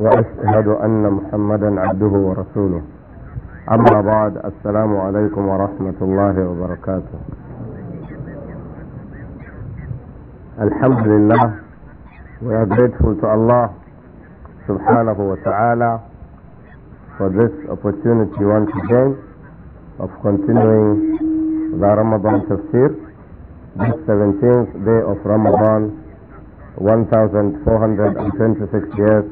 وأشهد أن محمدا عبده ورسوله أما بعد السلام عليكم ورحمة الله وبركاته الحمد لله we are grateful to Allah subhanahu wa ta'ala for this opportunity once again of continuing the Ramadan tafsir this 17th day of Ramadan 1426 years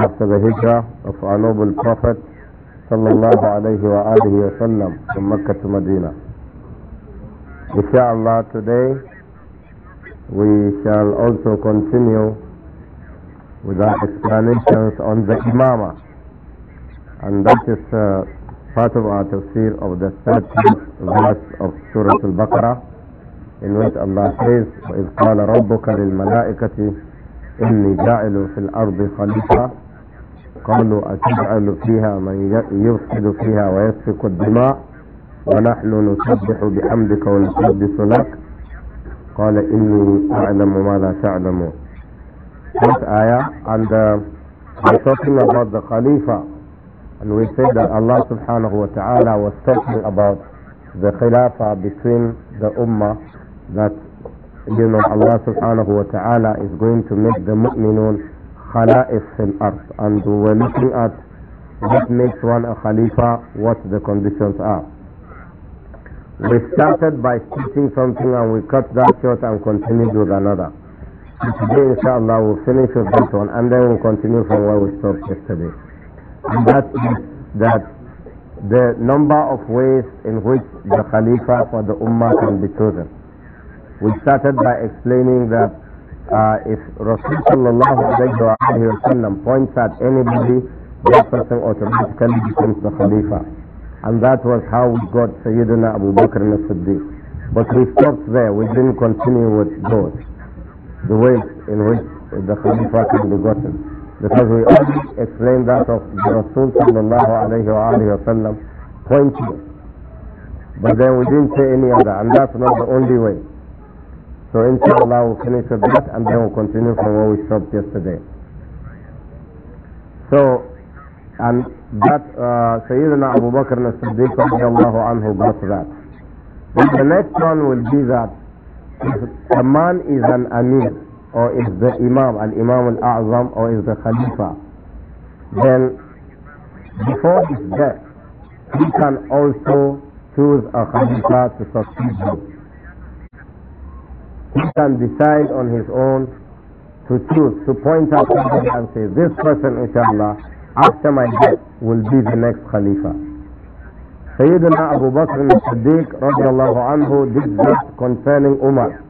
after the hijrah of our noble Prophet sallallahu alayhi wa alihi wa sallam from Mecca to Medina. Inshallah today we shall also continue with our explanations on the Imama and that is uh, part of our tafsir of the 13th verse of Surah Al-Baqarah in which Allah says وَإِذْ قَالَ رَبُّكَ لِلْمَلَائِكَةِ إِنِّي جَاعِلٌ فِي الْأَرْضِ خَلِيفَةً قالوا أتجعل فيها من يفسد فيها ويسفك الدماء ونحن نسبح بحمدك ونقدس لك قال إني أعلم ما لا تعلمون This ayah and uh, we're talking about the Khalifa and we said that Allah subhanahu wa ta'ala was talking about the Khilafah between the Ummah that you know Allah subhanahu wa ta'ala is going to make the mu'minun khala'if fil and we were looking at what makes one a khalifa, what the conditions are. We started by teaching something and we cut that short and continued with another. Today inshallah we'll finish with this one and then we'll continue from where we stopped yesterday. And that is that the number of ways in which the Khalifa for the Ummah can be chosen. We started by explaining that uh, if Rasulullah points at anybody, that person automatically becomes the Khalifa. And that was how we got Sayyidina Abu Bakr as-Siddiq. But we stopped there, we didn't continue with those, the ways in which the Khalifa can be gotten. Because we only explain that of the Rasul pointing. But then we didn't say any other, and that's not the only way. So inshallah we'll finish with that and then we'll continue from where we stopped yesterday. So, and that uh, Sayyidina Abu Bakr al siddiq radiallahu anhu got that. But the next one will be that if a man is an Amir or is the Imam, an Imam al-A'zam or is the Khalifa, then before his death, he can also choose a Khalifa to succeed him. He can decide on his own to choose, to point out somebody and say, this person, inshallah, after my death will be the next Khalifa. Sayyidina Abu Bakr al-Siddiq radiallahu anhu did this concerning Umar.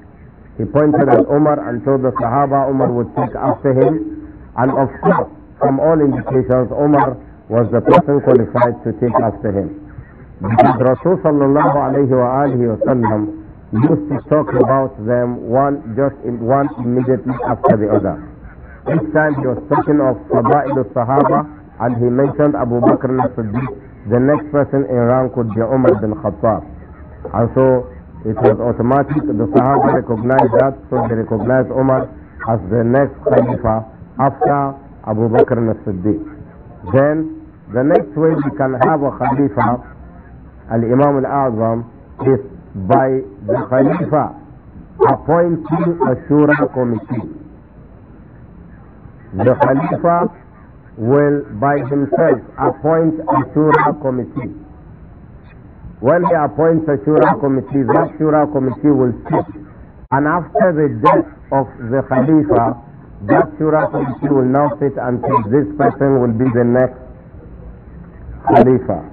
He pointed at Umar and told the Sahaba Umar would take after him. And of course, from all indications, Umar was the person qualified to take after him. Because Rasul sallallahu alayhi wa alihi wa sallam used to talk about them one just in one immediately after the other. Each time he was talking of Fada'il al-Sahaba and he mentioned Abu Bakr al-Siddiq, the next person in rank would be Umar bin Khattab. And so it was automatic, the Sahaba recognized that, so they recognized Umar as the next Khalifa after Abu Bakr al-Siddiq. Then the next way we can have a Khalifa, Al-Imam al-Azam, is by the Khalifa appointing a Shura committee. The Khalifa will by himself appoint a Shura committee. When he appoints a Shura committee, that Shura committee will sit. And after the death of the Khalifa, that Shura committee will now sit until this person will be the next Khalifa.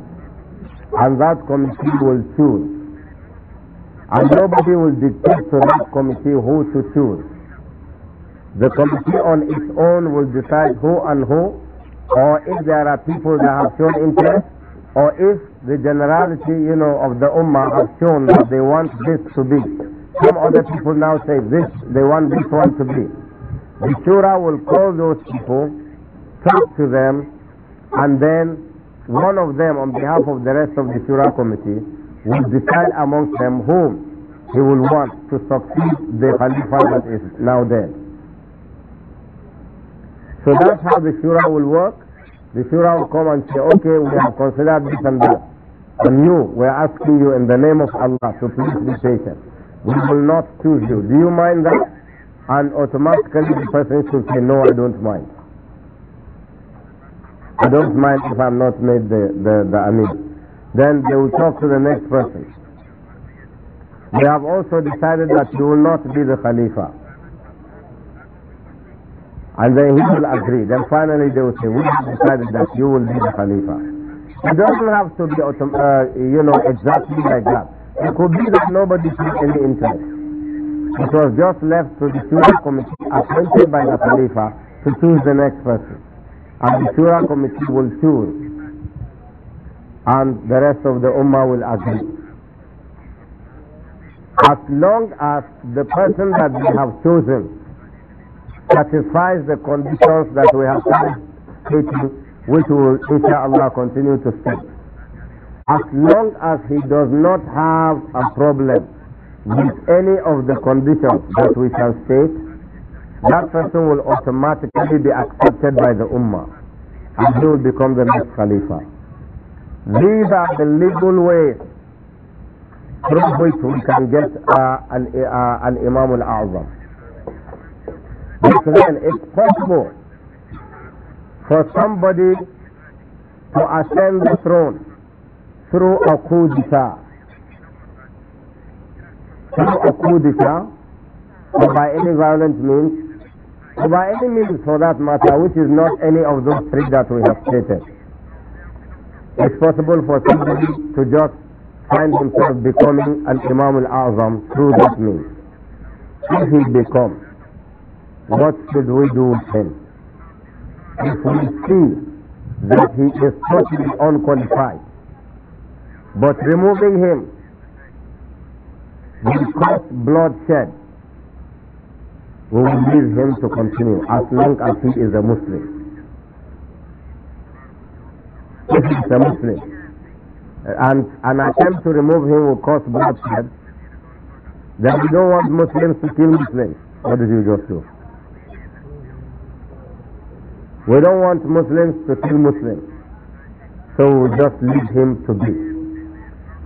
And that committee will choose and nobody will dictate to that committee who to choose. The committee on its own will decide who and who, or if there are people that have shown interest, or if the generality, you know, of the Ummah have shown that they want this to be. Some other people now say this, they want this one to be. The Shura will call those people, talk to them, and then one of them, on behalf of the rest of the Shura committee, will decide amongst them whom he will want to succeed the Khalifa that is now dead. So that's how the Shura will work. The Shura will come and say, okay, we have considered this and that. And you, we are asking you in the name of Allah to so please be patient. We will not choose you. Do you mind that? And automatically the person should say, no, I don't mind. I don't mind if I'm not made the, the, the Amir then they will talk to the next person. They have also decided that you will not be the Khalifa. And then he will agree. Then finally they will say, we have decided that you will be the Khalifa. It doesn't have to be, uh, you know, exactly like that. It could be that nobody took any interest. It was just left to the Shura committee appointed by the Khalifa to choose the next person. And the Shura committee will choose and the rest of the ummah will agree. As long as the person that we have chosen satisfies the conditions that we have stated, which will inshallah continue to state. As long as he does not have a problem with any of the conditions that we shall state, that person will automatically be accepted by the ummah and he will become the next khalifa. These are the legal ways through which we can get uh, an, uh, an Imam al-Azam. Because then it's possible for somebody to ascend the throne through a coup d'etat. Through a coup d'etat, or by any violent means, or by any means for that matter, which is not any of those three that we have stated. It's possible for somebody to just find himself becoming an Imam al-Azam through that means. If he becomes, what should we do with him? If we see that he is totally unqualified, but removing him will cause bloodshed, we will leave him to continue as long as he is a Muslim a Muslim. And an attempt to remove him will cause bloodshed. Then we don't want Muslims to kill Muslims. What did you just do? We don't want Muslims to kill Muslims. So we just leave him to be.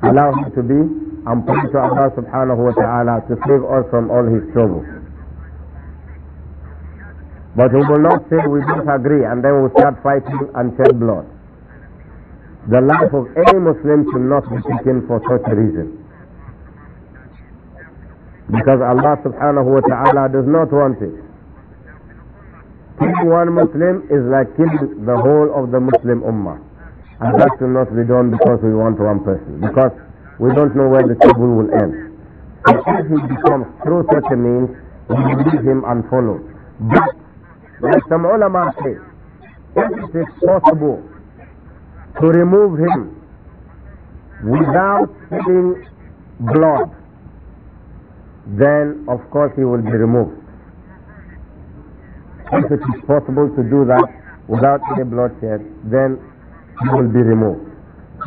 Allow him to be and pray to Allah subhanahu wa ta'ala to save us from all his trouble. But we will not say we don't agree and then we we'll start fighting and shed blood. The life of any Muslim should not be taken for such a reason. Because Allah subhanahu wa ta'ala does not want it. Killing one Muslim is like killing the whole of the Muslim Ummah. And that should not be done because we want one person. Because we don't know where the trouble will end. if he becomes through such a means, we leave him and follow. But, like some ulama say, if it is possible to remove him without shedding blood, then of course he will be removed. If it is possible to do that without any bloodshed, then he will be removed.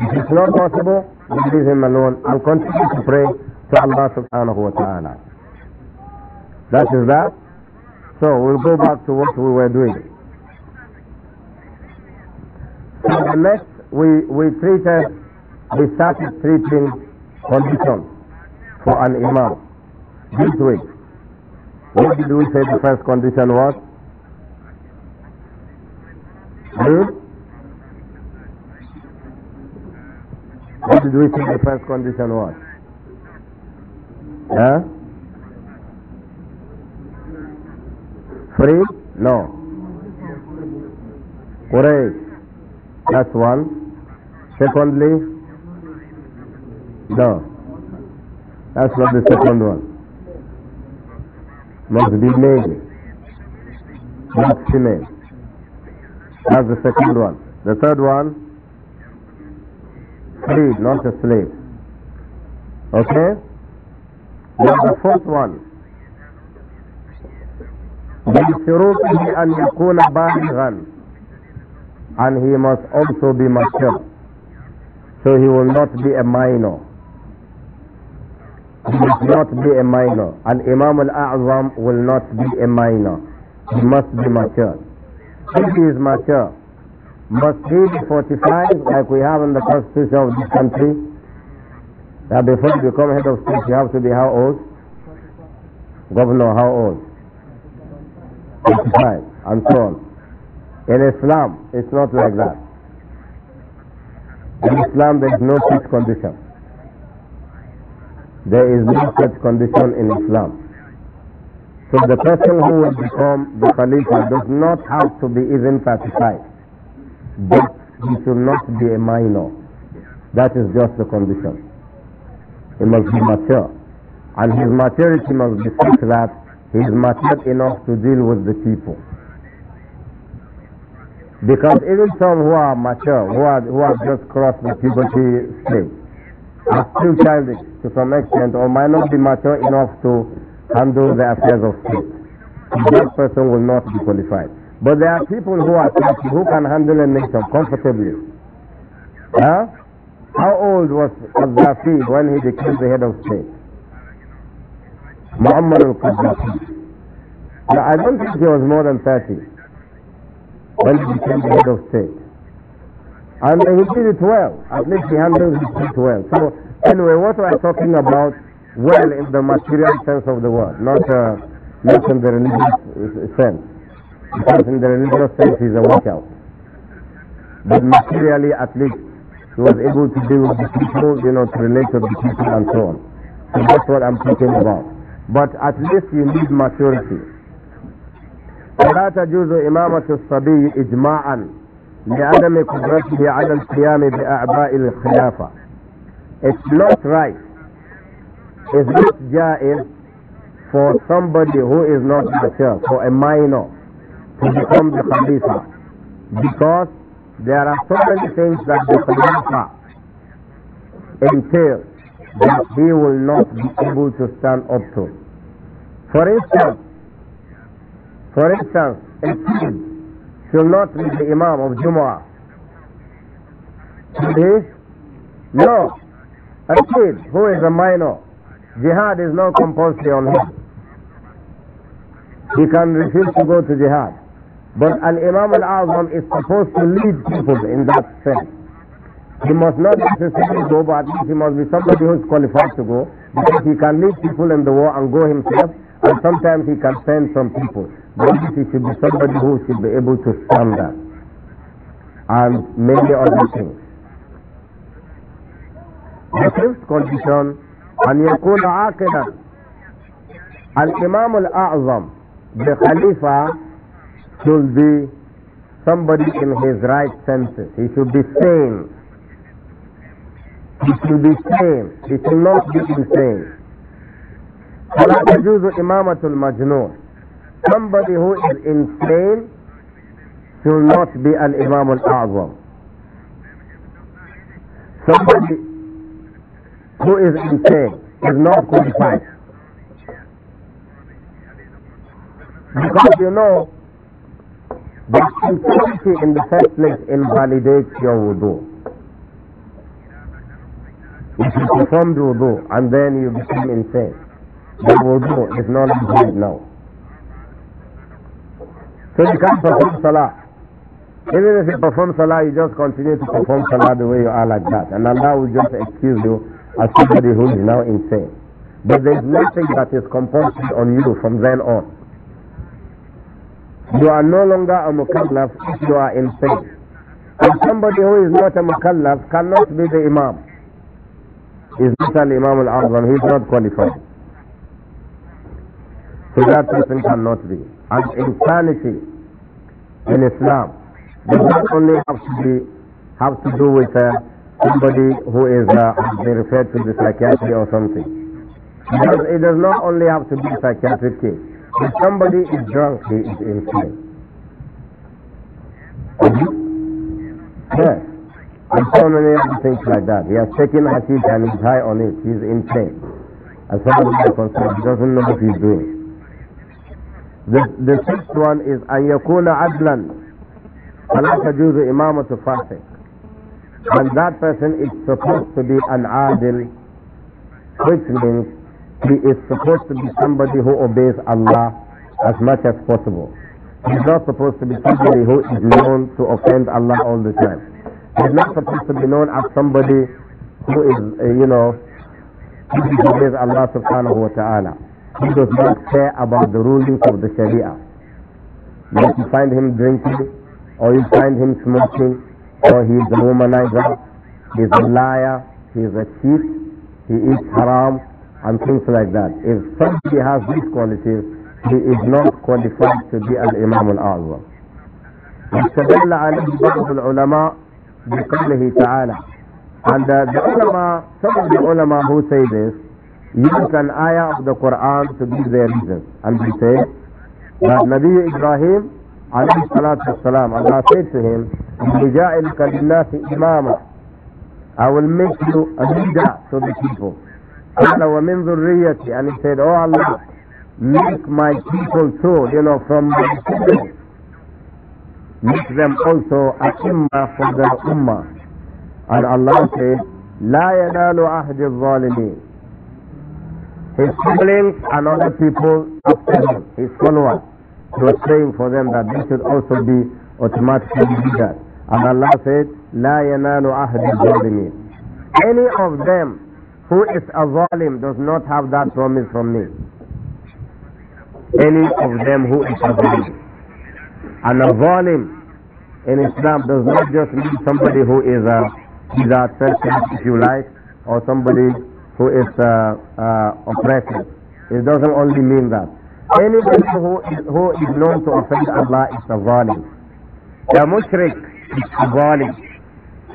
If it's not possible, we leave him alone and continue to pray to Allah subhanahu wa ta'ala. That is that. So we'll go back to what we were doing. So the next we, we treated, we started treating conditions for an imam this week. What did we say the first condition was? Hmm? What did we say the first condition was? Huh? Free? No. Free. That's one. Secondly, no. That's not the second one. Must be male, not female. That's the second one. The third one, free, not a slave. Okay? Now the fourth one. من شروطه أن يكون بالغا and he must also be mature. So he will not be a minor. He must not be a minor. and Imam al-A'zam will not be a minor. He must be mature. If he is mature, must he be 45 like we have in the constitution of this country? That before you become head of state, you have to be how old? Governor, how old? 45 and so on. In Islam, it's not like that. In Islam, there is no such condition. There is no such condition in Islam. So the person who will become the Khalifa does not have to be even 35, but he should not be a minor. That is just the condition. He must be mature. And his maturity must be such that he is mature enough to deal with the people. Because even some who are mature, who, are, who have just crossed the puberty stage, are still childish to some extent or might not be mature enough to handle the affairs of state. That person will not be qualified. But there are people who are who can handle a nation comfortably. Huh? How old was Gaddafi when he became the head of state? Muammar al-Qaddafi. I don't think he was more than 30 when he became the head of state. And he did it well. At least he handled it well. So, anyway, what we're talking about, well, in the material sense of the word, not, uh, not in the religious sense. Because in the religious sense, he's a workout. But materially, at least, he was able to deal with the people, you know, to relate to the people and so on. So that's what I'm talking about. But at least you need maturity. ولا تجوز إمامة الصبي إجماعا لعدم قدرته على القيام بأعباء الخلافة It's not right It's not jaiz for somebody who is not mature, for a minor to become the Khalifa because there are so many things that the Khalifa entails that he will not be able to stand up to. For instance, for instance, a kid should not be the Imam of Jumu'ah. Today? No. A kid who is a minor, jihad is not compulsory on him. He can refuse to go to jihad. But an Imam al-Azam is supposed to lead people in that sense. He must not necessarily go, but at least he must be somebody who is qualified to go, because he can lead people in the war and go himself, and sometimes he can send some people. Maybe should be somebody who should be able to stand up and many other things. The fifth condition, أن يكون عاقلا. الإمام الأعظم, the Khalifa, should be somebody in his right senses. He should be sane. He should be sane. He should not be insane. فلا تجوز إمامة المجنون somebody who is insane should not be an Imam al-Azam. Somebody who is insane is not qualified. Because you know that insanity in the first place invalidates your wudu. If you perform wudu and then you become insane, the wudu is not valid now. So you can't perform salah. Even if you perform salah, you just continue to perform salah the way you are like that. And Allah will just excuse you as somebody who is now insane. But there is nothing that is compulsory on you from then on. You are no longer a mukallaf if you are insane. And somebody who is not a mukallaf cannot be the imam. He's not an imam al-azam, he's not qualified. So that person cannot be and insanity in Islam does not only have to, be, have to do with uh, somebody who is uh, referred to the psychiatry or something. It does, it does not only have to be a psychiatric case. If somebody is drunk, he is insane. Yes. And so many other things like that. He has taken hashish and he's high on it. He's insane. As far as I'm concerned, he doesn't know what he's doing. The, the sixth one is أن adlan ala فلا Imam إمامة فاسق and that person is supposed to be an adil which means he is supposed to be somebody who obeys Allah as much as possible he's not supposed to be somebody who is known to offend Allah all the time he's not supposed to be known as somebody who is uh, you know who obeys Allah subhanahu wa ta'ala he does not care about the rulings of the Sharia. But you find him drinking, or you find him smoking, or he is a womanizer, he is a liar, he is a cheat, he eats haram, and things like that. If somebody has these qualities, he is not qualified to be an Imam al-Azam. استدل عليه بعض العلماء بقوله تعالى and uh, the ulama, some of the ulama who say this use an ayah of the Quran to give their reasons. And they say that Nabi Ibrahim alayhi salatu wasalam, Allah said to him, بِجَعِلْكَ لِلنَّاسِ إِمَامًا I will make you a leader to the people. قال ومن ذريتي and he said, Oh Allah, make my people too, you know, from my people. Make them also a imma for their ummah. And Allah said, لا ينال عهد الظالمين His siblings and other people after him, his followers, he was praying for them that they should also be automatically leaders. And Allah said, لا ينال عهد الظالمين. Any of them who is a zalim does not have that promise from me. Any of them who is a zalim. And a zalim in Islam does not just mean somebody who is a, is a person, if you like, or somebody who is uh, uh, oppressive. It doesn't only mean that. Anybody who is, who is known to offend Allah is a zalim. The mushrik is a zalim.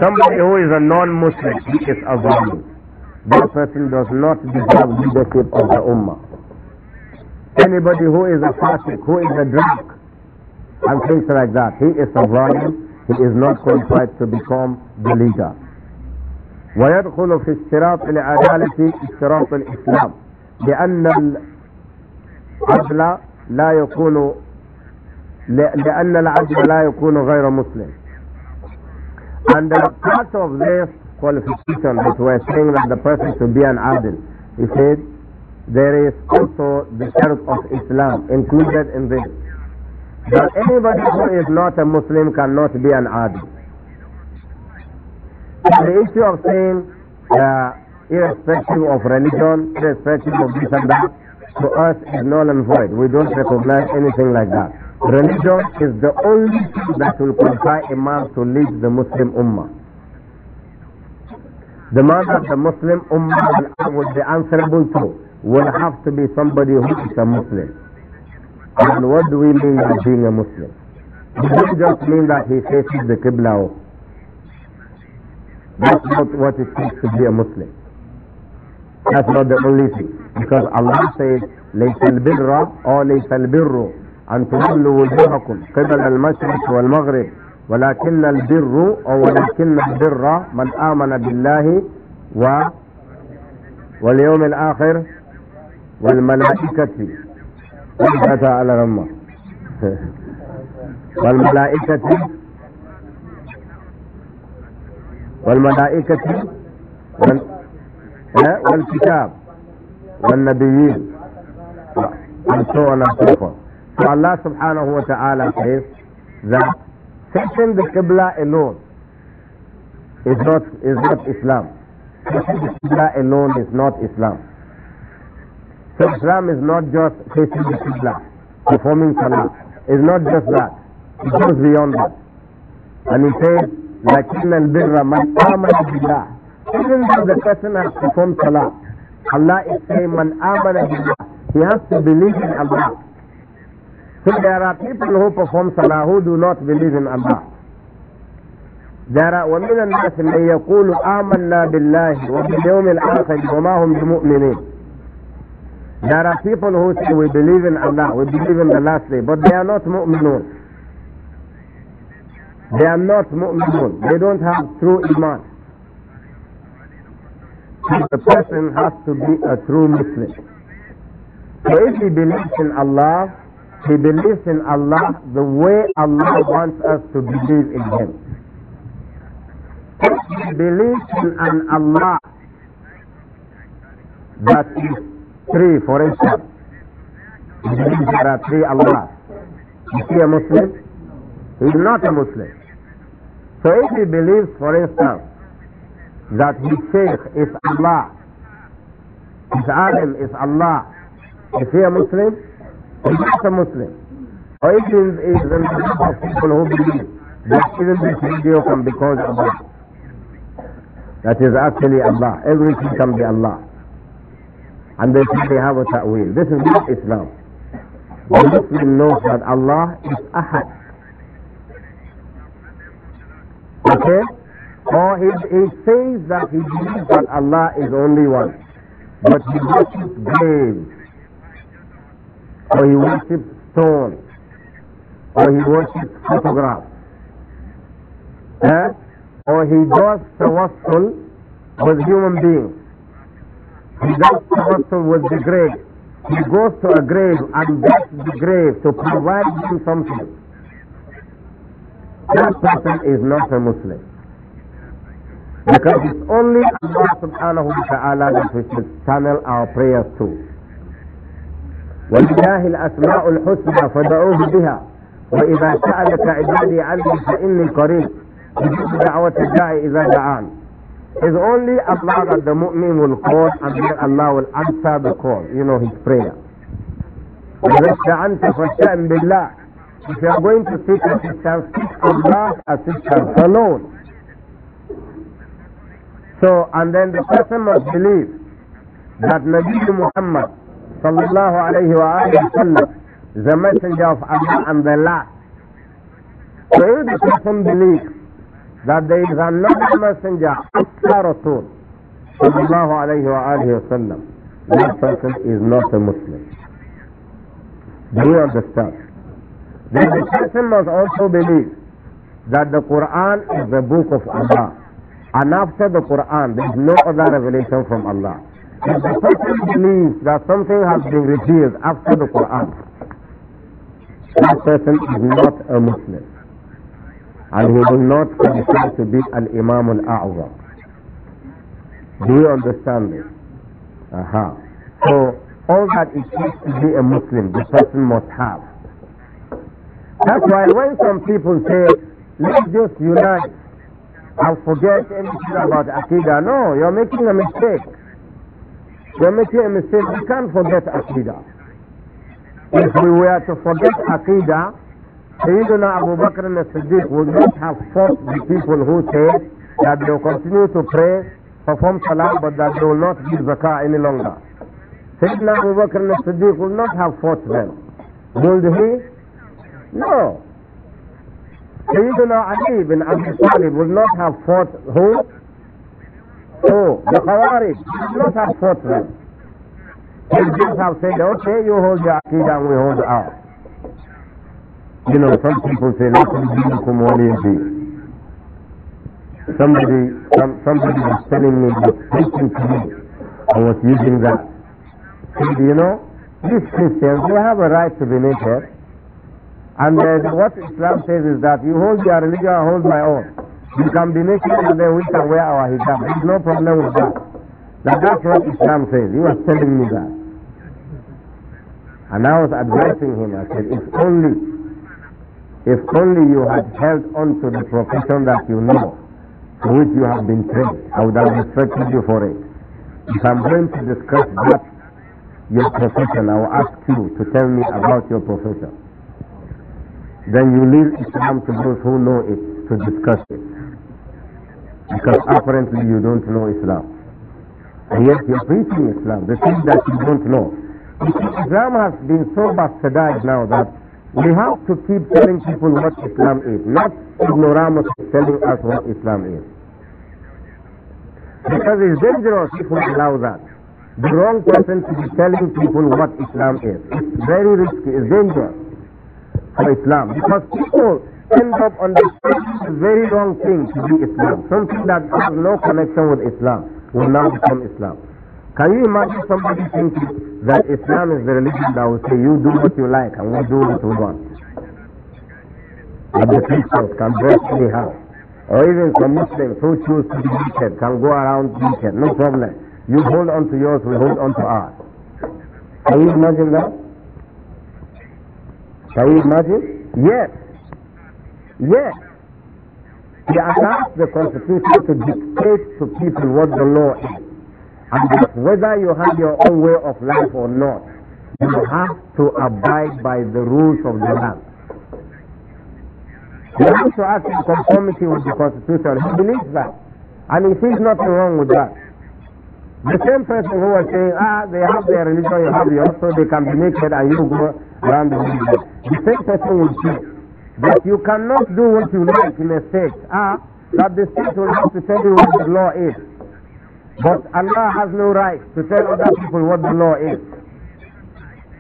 Somebody who is a non-Muslim, he is a zalim. That person does not deserve leadership of the ummah. Anybody who is a fasik, who is a drunk, and things like that, he is a zalim. He is not qualified to become the leader. ويدخل في اشتراط العدالة اشتراط الإسلام لأن العدل لا يكون لأن العدل لا يكون غير مسلم and the part of this qualification that are saying that the person should be an adil he said there is also the shirk of Islam included in this that anybody who is not a Muslim cannot be an adil On the issue of saying, uh, irrespective of religion, irrespective of this and that, to us is null and void. We don't recognize anything like that. Religion is the only thing that will qualify a man to lead the Muslim Ummah. The man that the Muslim Ummah will be answerable to will have to be somebody who is a Muslim. And what do we mean by being a Muslim? We don't just mean that he faces the Qibla that's not what it takes to be a Muslim. That's not the only thing. Because Allah says, ليس البر أو ليس البر أن تولوا وجوهكم قبل المشرق والمغرب ولكن البر أو ولكن البر من آمن بالله و واليوم الآخر والملائكة والملائكة على رمه والملائكة والملائكة والكتاب والنبيين and so on and so forth. So Allah subhanahu wa says that setting the Qibla alone is not, is not Islam. Setting the Qibla alone is not Islam. So Islam is not just facing the Qibla, performing Salah. It's not just that. It goes beyond that. And he says, لكن البر من آمن بالله even though the person has performed salah Allah is saying man amana billah he has to believe in Allah so there are people who perform salah who do not believe in Allah there are ومن الناس من يقول آمنا بالله وباليوم الآخر وما هم بمؤمنين There are people who say we believe in Allah, we believe in the last day, but they are not mu'minun. They are not mu'minun. They don't have true iman. The person has to be a true Muslim. So if he believes in Allah, he believes in Allah the way Allah wants us to believe in Him. If he believes in an Allah that is three, for instance, he believes there are three Allahs. Is he a Muslim? He is not a Muslim. So if he believes, for instance, that his sheikh is Allah, his alim is Allah, is he a Muslim? he is a Muslim. Or if he is, is in the group of people who believe that even this video can be called Allah, that is actually Allah, everything can be Allah. And they say they have a ta'wil. This is not Islam. The Muslim knows that Allah is Ahad. Okay? Or he he says that he believes that Allah is only one, but he worships graves, or he worships stone, or he worships photographs, eh? or he does tawassul with human beings, he does tawassul with the grave, he goes to a grave and begs the grave to provide him something that person is not a Muslim. Because it's only Allah subhanahu wa ta'ala that we should channel our prayers to. ولله الأسماء الحسنى فدعوه بها وإذا سألك عبادي عني فإني قريب أجيب دعوة الداعي إذا دعان It's only Allah that the mu'min will call and then Allah will answer the call, you know, his prayer. وإذا استعنت فاستعن بالله if you are going to seek assistance, seek Allah's assistance alone. So, and then the person must believe that Nabi Muhammad sallallahu alayhi wa sallam is the messenger of Allah and the last. So if the person believes that there is another messenger after Rasul sallallahu alayhi wa sallam, that person is not a Muslim. Do you understand? Then the person must also believe that the Quran is the book of Allah. And after the Quran, there is no other revelation from Allah. If the person believes that something has been revealed after the Quran, that person is not a Muslim. And he will not consider to be an Imam al-A'zam. Do you understand this? Aha. So, all that it takes to be a Muslim, the person must have. That's why when some people say, let's just unite and forget anything about Aqidah, no, you're making a mistake. You're making a mistake. We can't forget Aqidah. If we were to forget Aqidah, Sayyidina Abu Bakr al-Siddiq would not have fought the people who say that they will continue to pray, perform salah, but that they will not give zakah any longer. Sayyidina Abu Bakr al-Siddiq would not have fought them. Would he? No. Sayyidina Ali bin Abi Talib would not have fought who? Who? The Khawarij would not have fought them. He just have said, okay, you hold your Aqidah and we hold ours. You know, some people say, lakum dinukum waliyadi. Somebody, some, somebody was telling me, was preaching to me, I was using that. Said, you know, these Christians, they have a right to be naked. And uh, what Islam says is that you hold your religion, I hold my own. You can be naked and then we can wear our hijab. There's no problem with that. Now that's what Islam says. He was telling me that. And I was advising him, I said, if only, if only you had held on to the profession that you know, to which you have been trained, I would have respected you for it. If I'm going to discuss that, your profession, I will ask you to tell me about your profession then you leave Islam to those who know it to discuss it. Because apparently you don't know Islam. And yet you're preaching Islam, the thing that you don't know. Islam has been so bastardized now that we have to keep telling people what Islam is, not ignoramus telling us what Islam is. Because it's dangerous if we allow that. The wrong person to be telling people what Islam is. It's very risky, it's dangerous for Islam. Because people end up understanding the very wrong thing to be Islam. Something that has no connection with Islam will now become Islam. Can you imagine somebody thinking that Islam is the religion that will say you do what you like and we do what we want? And the Christians can dress anyhow. Or even some Muslims who choose to be naked can go around naked, no problem. You hold on to yours, we hold on to ours. Can you imagine that? Saeed Majid? Yes. Yes. He allows the constitution to dictate to people what the law is. And whether you have your own way of life or not, you have to abide by the rules of the land. He have to in conformity with the constitution. He believes that. And he sees nothing wrong with that. The same person who was saying, ah, they have their religion, you have yours, so they can be naked and you go around the world. The same person will teach that you cannot do what you like in a state. Ah, that the state will have to tell you what the law is. But Allah has no right to tell other people what the law is.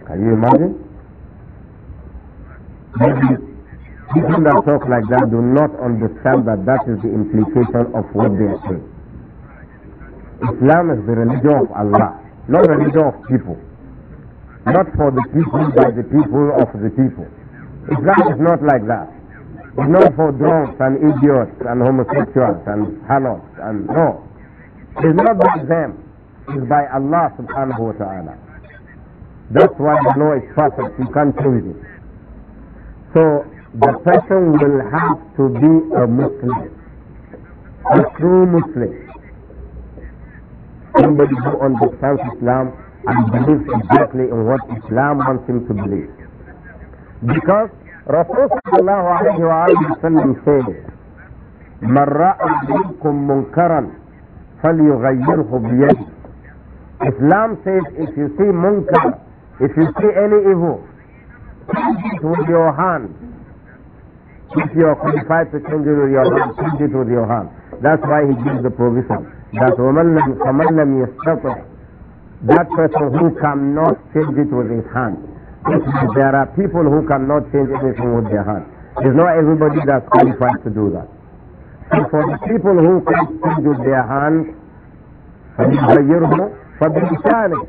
Can you imagine? Maybe people that talk like that do not understand that that is the implication of what they say. Islam is the religion of Allah, not religion of people. Not for the people, by the people, of the people. Islam is not like that. It's not for drunks and idiots and homosexuals and harlots and no. It's not by them. It's by Allah subhanahu wa ta'ala. That's why the law is perfect. You can't change it. So the person will have to be a Muslim, a true Muslim. Anybody who understands Islam and believes exactly in what Islam wants him to believe. Because Rasulullah says, من رأى منكم منكرا فليغيره بيده Islam says if you see munkar, if you see any evil, change it with your hand. If you are qualified to change it with your hand, change it with your hand. That's why he gives the provision that woman, لم, فمن لم يستطع that person who cannot change it with his hand. There are people who cannot change anything with their hand. It's not everybody that's qualified to do that. So for the people who can change with their hand, فبلسانه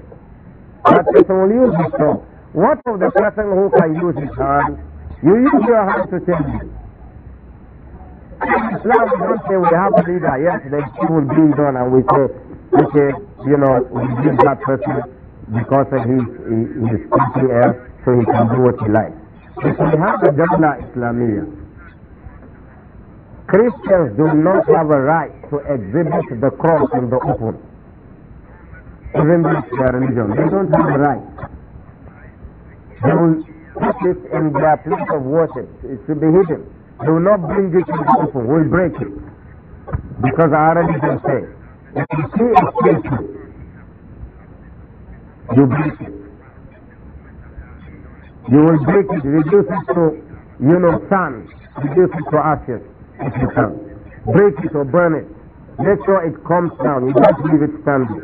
that person will use his tongue. What of the person who can use his hand? You use your hand to change it. Islam don't say we have a leader. Yes, they will being done, and we say, say, you know, we give that person because of his, his country so he can do what he likes. If we have a Jamla Islamiyah, Christians do not have a right to exhibit the cross in the open, even with their religion. They don't have a right. They will put it in their place of worship. It should be hidden. Do not bring it to the open. We'll break it. Because our religion says, if you see a statue, you break it. You will break it, reduce it to, you know, sand, reduce it to ashes, if you can. Break it or burn it. Make sure it comes down. You don't leave it standing.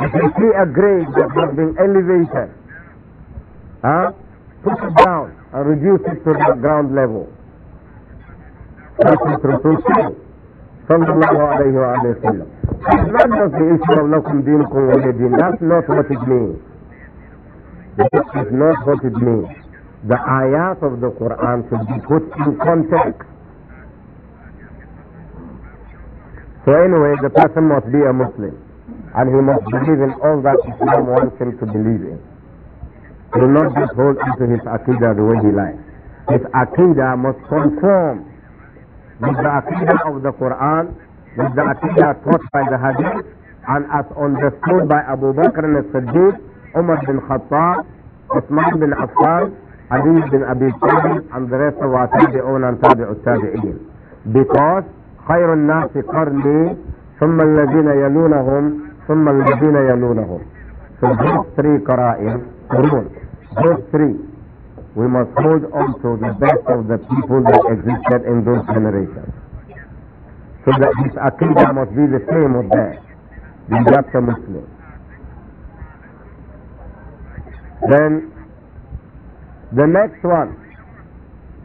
If you see a grave that has been elevated, huh? put it down and reduce it to the ground level. رسول رسول صلى الله عليه وآله وسلم. It's not just the issue of لكم دينكم ولي دين. That's not what it means. That is not what it means. The ayat of the Quran should be put in context. So anyway, the person must be a Muslim. And he must believe in all that Islam wants him to believe in. He will not just hold onto his aqidah the way he likes. His aqidah must conform with the Aqidah of the Quran, with the Aqidah taught by the Hadith, and as understood by Abu Bakr al-Siddiq, Umar bin Khattab, Uthman bin Affan, Ali bin Abi Talib, and the rest of our Tabi'un and Because خير الناس قرني ثم الذين يلونهم ثم الذين يلونهم. So those three قرائن قرون. Those three we must hold on to the best of the people that existed in those generations. So that this aqidah must be the same of that. We that's a Muslim. Then the next one.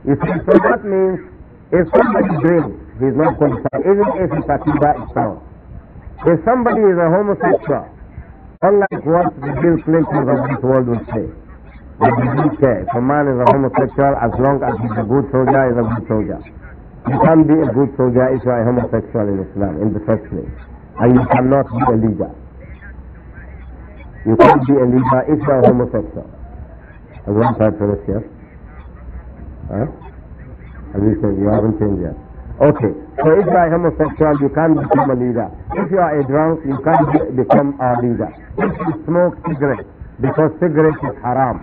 You so that means if somebody drinks, he's not qualified, even if his aqidah is sound. If somebody is a homosexual, unlike what the Bill Clinton of this world would say, but do care. If a man is a homosexual, as long as he's a good soldier, he's a good soldier. You can't be a good soldier if you are a homosexual in Islam in the first place. And you cannot be a leader. You can't be a leader if you are homosexual. As one side for us here? Huh? As you said, you haven't changed yet. Okay, so if you are homosexual, you can't become a leader. If you are a drunk, you can't become a leader. If you smoke cigarettes, because cigarettes is haram.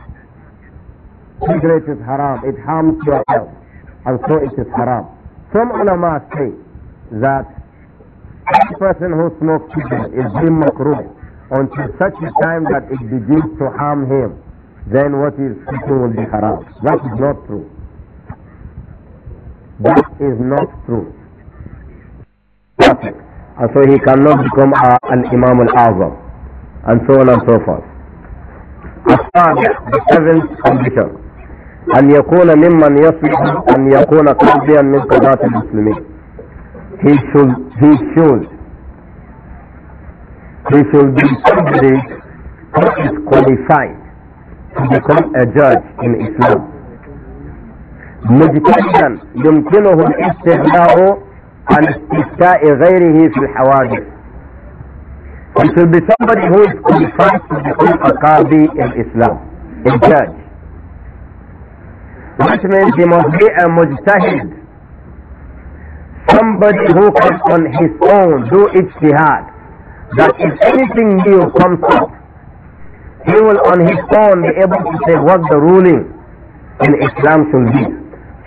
Cigarette is haram. It harms your health. And so it is haram. Some ulama say that any person who smokes cigarette is being makruh until such a time that it begins to harm him. Then what is smoking will be haram. That is not true. That is not true. Perfect. And so he cannot become a, an Imam al-Azam. And so on and so forth. As far as the seventh condition. أن يكون ممن يصلح أن يكون قاضيا من قضاة المسلمين he should he should he should be somebody who is qualified to become a judge in Islam مجتهدا يمكنه الاستهلاء عن استفتاء غيره في الحوادث he should be somebody who is qualified to become a qadi in Islam a judge which means he must be a mujtahid. Somebody who can on his own do ijtihad. That if anything new comes up, he will on his own be able to say what the ruling in Islam should be.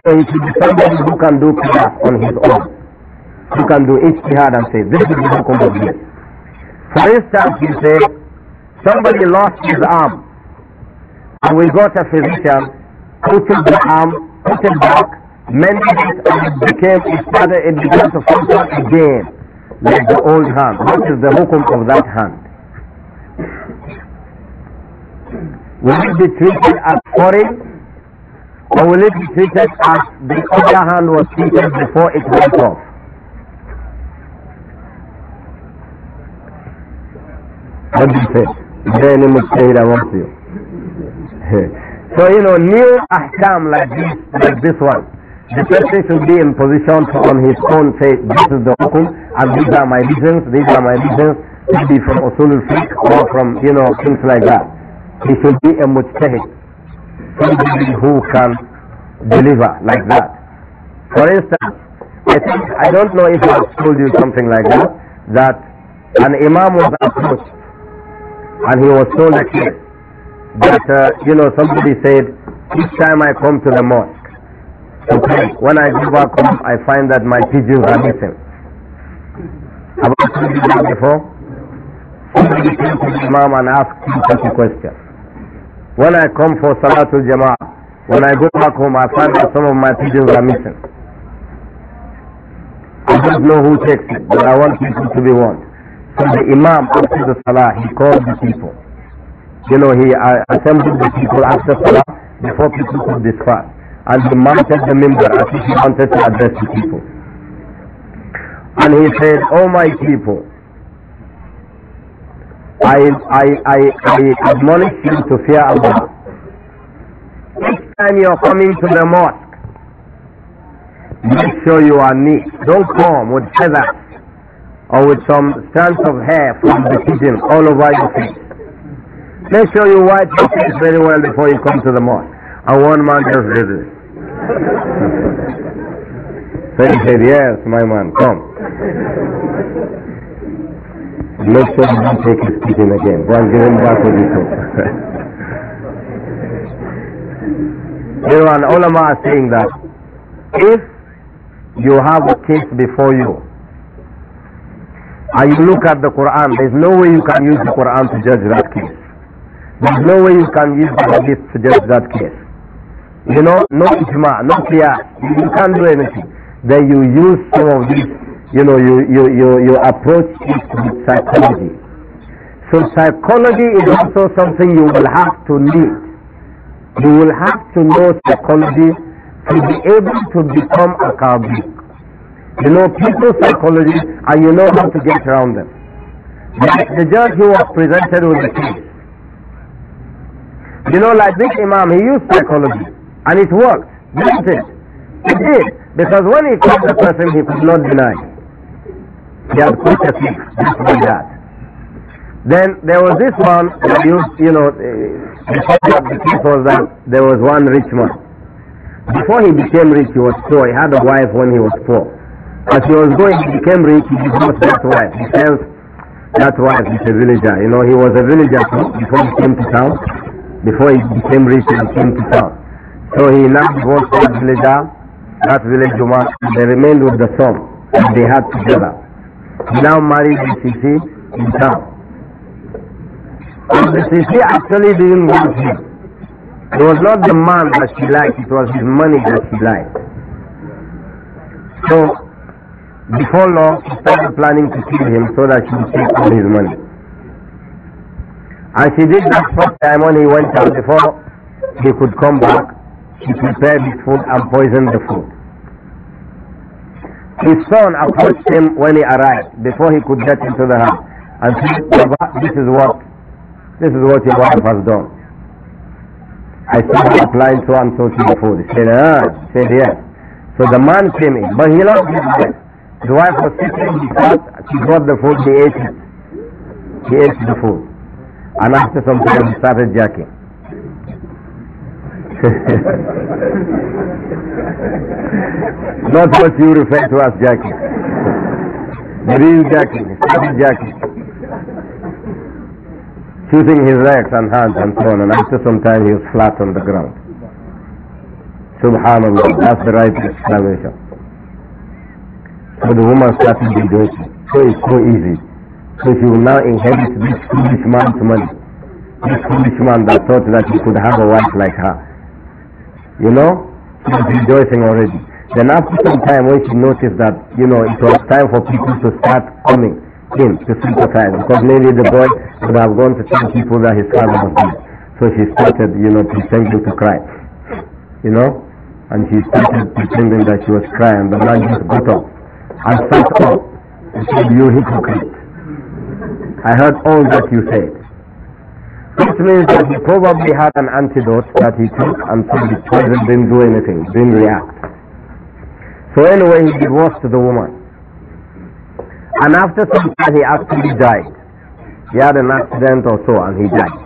So he should be somebody who can do qiyas on his own. Who can do ijtihad and say, this is the hukum of this. For instance, he said somebody lost his arm and we got a physician putting the arm, putting back, mended it and became became, father in the hands of function again, like the old hand. What is the hukum of that hand? Will it be treated as foreign? Or will it be treated as the other hand was treated before it went off? What do you say? Is there any mistake amongst you? So, you know, new ahkam like this, like this one, the person should be in position to on his own say, this is the hukum, and these are my reasons, these are my reasons, maybe from usul or from, you know, things like that. He should be a mujtahid, somebody who can deliver like that. For instance, I think, I don't know if I've told you something like that, that an imam was approached and he was told that that, uh, you know, somebody said, each time I come to the mosque, okay, when I go back home, I find that my pigeons are missing. Have I told you that before? Somebody came to the Imam and asked him such a question. When I come for Salatul Jama'ah, when I go back home, I find that some of my pigeons are missing. I don't know who takes it, but I want people to be warned. So the Imam, after the Salah, he called the people. You know, he uh, assembled the people after Salah before people could disperse. And he mounted the member as if he wanted to address the people. And he said, Oh my people, I, I, I, I admonish you to fear Allah. Each time you are coming to the mosque, make sure you are neat. Don't come with feathers or with some strands of hair from the kitchen all over your face. Let's show you wipe your face very well before you come to the mosque. A one man just did it. so he said, yes, my man, come. Make sure you don't take his teaching again. Go and give him back what he took. you know, and ulama are saying that if you have a case before you, and you look at the Quran, there's no way you can use the Quran to judge that case. There's no way you can use the hadith to judge that case. You know, no ijma, no qiyas, you can't do anything. Then you use some of these, you know, you, you, you, you approach it with psychology. So psychology is also something you will have to need. You will have to know psychology to be able to become a Kabi. You know people's psychology and you know how to get around them. the judge who was presented with the case, you know, like this Imam, he used psychology. And it worked, didn't it? It did. Because when he caught the person, he could not deny. He had put a thief, just like that. Then there was this one that used, you know, eh, the was that there was one rich man. Before he became rich, he was poor. He had a wife when he was poor. As he was going, he became rich, he divorced that wife. He sells that wife, he's a villager. You know, he was a villager before he came to town before he became rich and came to town. So he now divorced that villager, that village woman, and they remained with the son that they had together. He now married the Sisi in town. And the Sisi actually didn't want him. It was not the man that she liked, it was his money that she liked. So, before long, she started planning to kill him so that she would take all his money. And he did that first time when he went out before he could come back. She prepared his food and poisoned the food. His son approached him when he arrived, before he could get into the house, and said, this is what, this is what your wife has done. I started applying so and so to the food. He said, ah, he said yes. So the man came in, but he loved his wife. His wife was sitting, he sat, she got the food, he ate it. He ate the food. And after some time, started jacking. Not what you refer to as jacking. The real jacking, started jacking. Shooting his legs and hands and so on, and after some time he was flat on the ground. Subhanallah, that's the right explanation. So the woman started to do it, So it's so easy. So she will now inherit this foolish man's money. This foolish man that thought that he could have a wife like her. You know? She was rejoicing already. Then after some time when she noticed that, you know, it was time for people to start coming in to sympathize because maybe the boy would have gone to tell people that his father was dead. So she started, you know, pretending to cry. You know? And she started pretending that she was crying. The man just got up and sat up and said, you hypocrite. I heard all that you said. This means that he probably had an antidote that he took and so the poison didn't do anything, didn't react. So anyway, he divorced the woman. And after some time, he actually died. He had an accident or so and he died.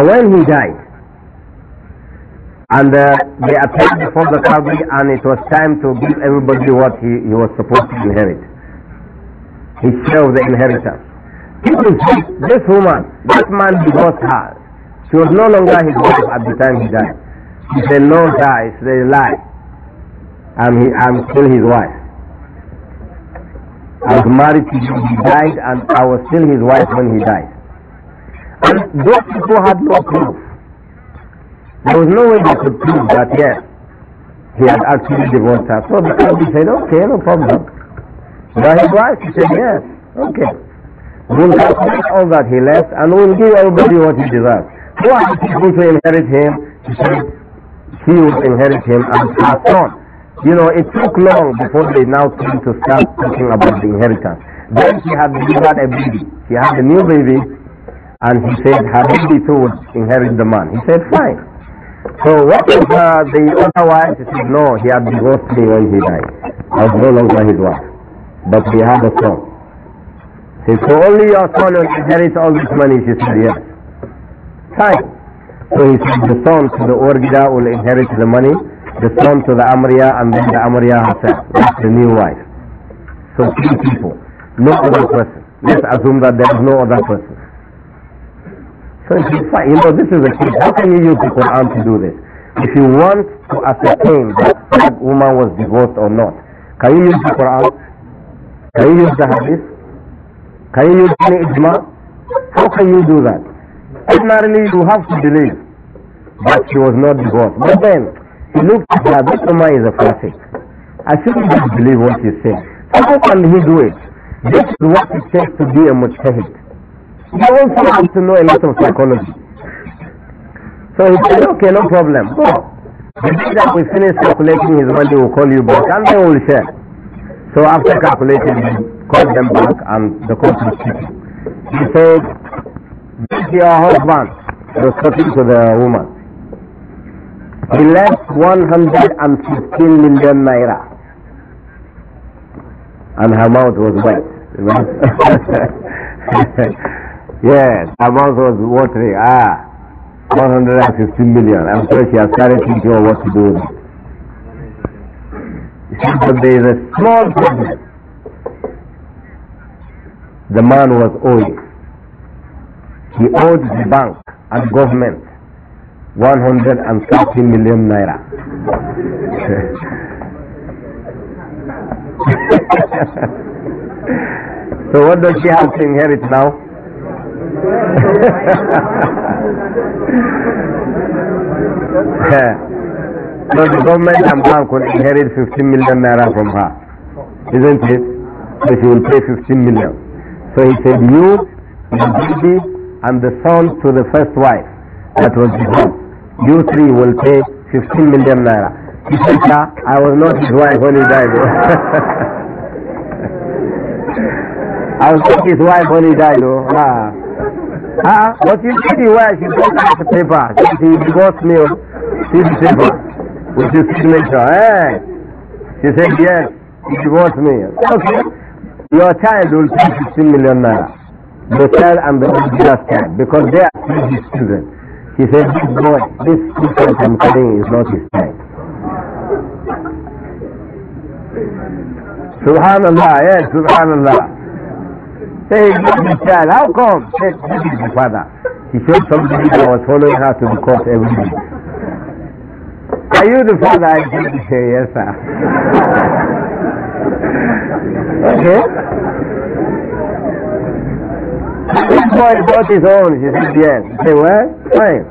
And when he died, and uh, they appeared before the Qadi and it was time to give everybody what he, he was supposed to inherit. He of the inheritance. this woman, that man divorced her. She was no longer his wife at the time he died. He said, no, sir, it's a lie. I'm, he, I'm still his wife. I was married to him, he died, and I was still his wife when he died. And those people had no proof. There was no way they could prove that, yes, he had actually divorced her. So the said, okay, no problem by his wife. She said, yes, okay. We'll calculate all that he left and we'll give everybody what he deserves. Who are the people to inherit him? She said, she will inherit him as a son. You know, it took long before they now came to start talking about the inheritance. Then she had delivered a baby. She had a new baby and he said her baby too would inherit the man. He said, fine. So what if uh, the other wife? She said, no, he had divorced me when he died. I was no longer his wife but he had a son. He said, so only your son will inherit all this money. She said, yes. Fine. So he said, the son to the Urgida will inherit the money, the son to the Amriya, and then the Amriya herself. That's the new wife. So three people. No other person. Let's assume that there is no other person. So he said, fine. You know, this is a case. How can you use the Quran to do this? If you want to ascertain that that woman was divorced or not, can you use the Quran? Can you use the hadith? Can you use any ijma? How can you do that? Ordinarily, you have to believe that she was not divorced. But then, he looked at her, this woman is a prophet. I shouldn't just believe what he said. how can he do it? This is what it takes to be a mujtahid. You also have to know a lot of psychology. So he said, okay, no problem. Go. The day that we finish calculating his money, we'll call you back and then we'll share. So after calculating, he called them back and the court was sitting. He said, this your husband was talking to the woman. He left 115 million naira. And her mouth was wet. yes, her mouth was watery. Ah, 115 million. I'm sure she has started thinking of what to do but there is a small problem. The man was old. He owed the bank and government 130 million naira. so what does she have to inherit now? yeah. So the government and bank will inherit 15 million naira from her, isn't it? So she will pay 15 million. So he said, you, the baby, and the son to the first wife that was divorced, you three will pay 15 million naira. He said, I was not his wife when he died. I was not his wife when he died. Oh, no, Ah. Ah, but you see the wife, she got the paper. She divorced me. Oh. See the paper. Would with his signature. Eh? She said, yes, she divorced me. Okay. Your child will pay 15 million naira. The child and the original child, because they are his children. She said, this boy, this child I'm carrying is not his child. Subhanallah, yes, eh? Subhanallah. Say, he's not his child. How come? Say, this is the father. He showed somebody that was following her to the court every day. Are you the father? I did say, yes, sir. okay? This boy got his own. He said, yes. say, well, fine.